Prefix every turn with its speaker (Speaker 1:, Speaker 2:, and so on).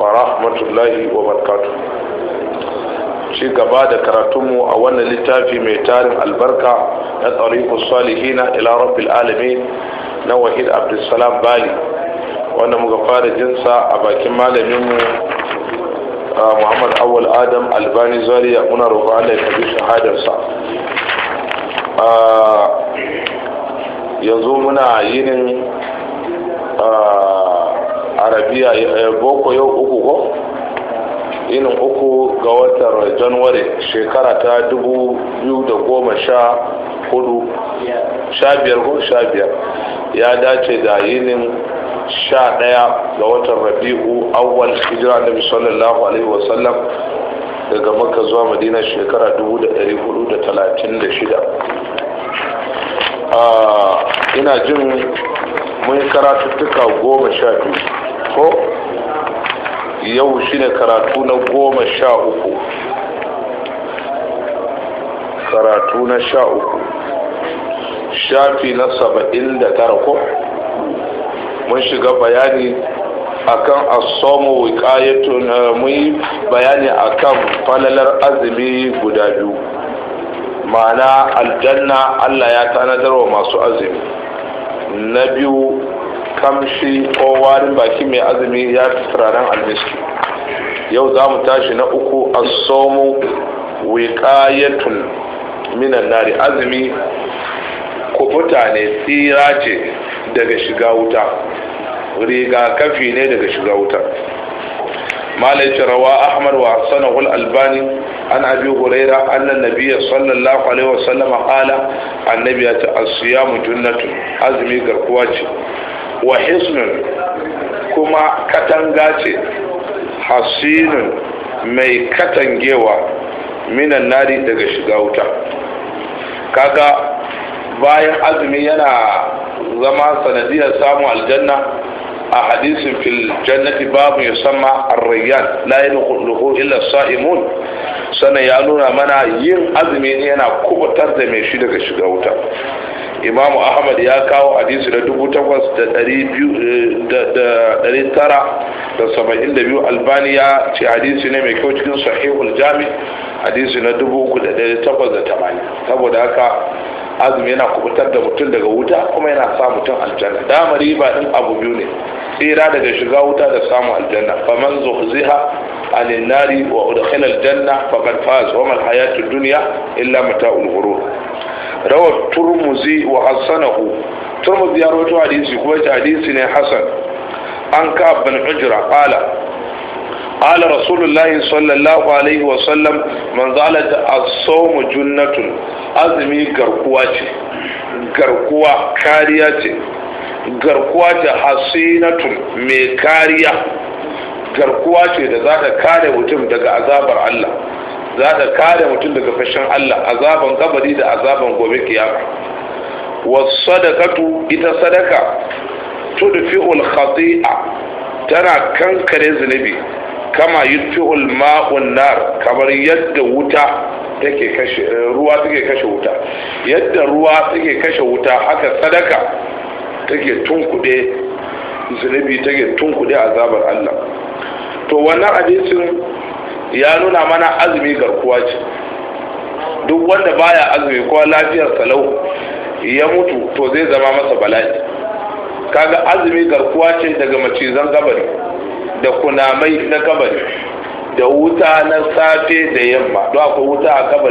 Speaker 1: ورحمة wa وبركاته ci gaba da karatunmu a wannan littafi mai tarin albarka na tsarikun salihina ila rabbil na wahid abdulsalam bali wanda muka fara jinsa a bakin malaminmu muhammad Awul adam albani zaria muna roƙo allah ya shahadarsa yanzu muna yinin arabiya eh, boko yau uku ko inin uku ga watan januwari shekara ta dubu biyu da goma sha hudu sha biyar ko sha biyar ya dace da yinin sha daya ga watan rabi'u awwal hijira da sallallahu alaihi wasallam daga makka zuwa madina shekara dubu da dari hudu da talatin da shida ah, ina jin mun tuka goma sha biyu ko yau shine karatu na goma sha uku karatu na sha uku shafi na saba'in da tara ko mun shiga bayani akan asomu wikayatun eh, mun yi bayani akan falalar azumi guda biyu ma'ana aljanna allah ya tanadar wa masu azumi na biyu kamshi ko warin baki mai azumi ya fi turaren almiski yau za mu tashi na uku a somo wikayetun minan nari azumi kubuta ne tsira ce daga shiga wuta rigakafi ne daga shiga wuta malaici rawa ahmad wa sanahul albani an abi huraira annan nabiyya sallallahu alaihi wasallam qala annabi ya ce as-siyamu junnatu azumi garkuwa ce wa kuma katanga ce hasinun mai katangewa minan nari daga shiga wuta kaga bayan azumi yana zama sanadiyar samun aljanna a hadisin fil jannati babu yusamma ar-rayyan la yadkhuluhu illa as-sa'imun sannan ya nuna mana yin azumi ne yana kubutar da mai shi daga shiga wuta imamu ahmad ya kawo hadisi da dubu takwas da dari tara da saba'in da biyu albani ya ce hadisi ne mai kyau cikin sahihul jami hadisi na dubu uku da dari takwas da tamanin saboda haka azumi yana kubutar da mutum daga wuta kuma yana sa mutum aljanna yi riba ɗin abu biyu ne tsira daga shiga wuta da samun aljanna faman zuhziha Ani na riƙo wa halal janna bakan taya zoma da hayati duniya illa mata ulbururu. Rawar turmuzi wa asanaku. Turmuzi ya rubuta hadisi, kuma ita hadisi ne Hassan. An kaba ni kujura. Ala Rasulallah Sallallahu alaihi wa sallam, manzala ta a sau majun natun, azumi garkuwa ce. Garkuwa kariya ce. Garkuwa ta hasina tun mai kariya. garkuwa ce da za ta kare mutum daga azabar Allah za ta kare mutum daga fashin Allah azaban kabari da azaban gobe kiyama wasadaqatu ita sadaka tudfi'ul khati'a tana kankare zunubi kama yudfi'ul ma'un nar kamar yadda wuta take kashe ruwa take kashe wuta yadda ruwa take kashe wuta haka sadaka take tunkude zunubi take tunkude azabar Allah to wannan hadisin ya nuna mana azumi garkuwa ce duk wanda baya azumi ko lafiyar salau ya mutu to zai zama masa bala'i kaga azumi garkuwa ce daga macizan gabari da kunamai na gabari da wuta na safe da yamma don akwai wuta a gabari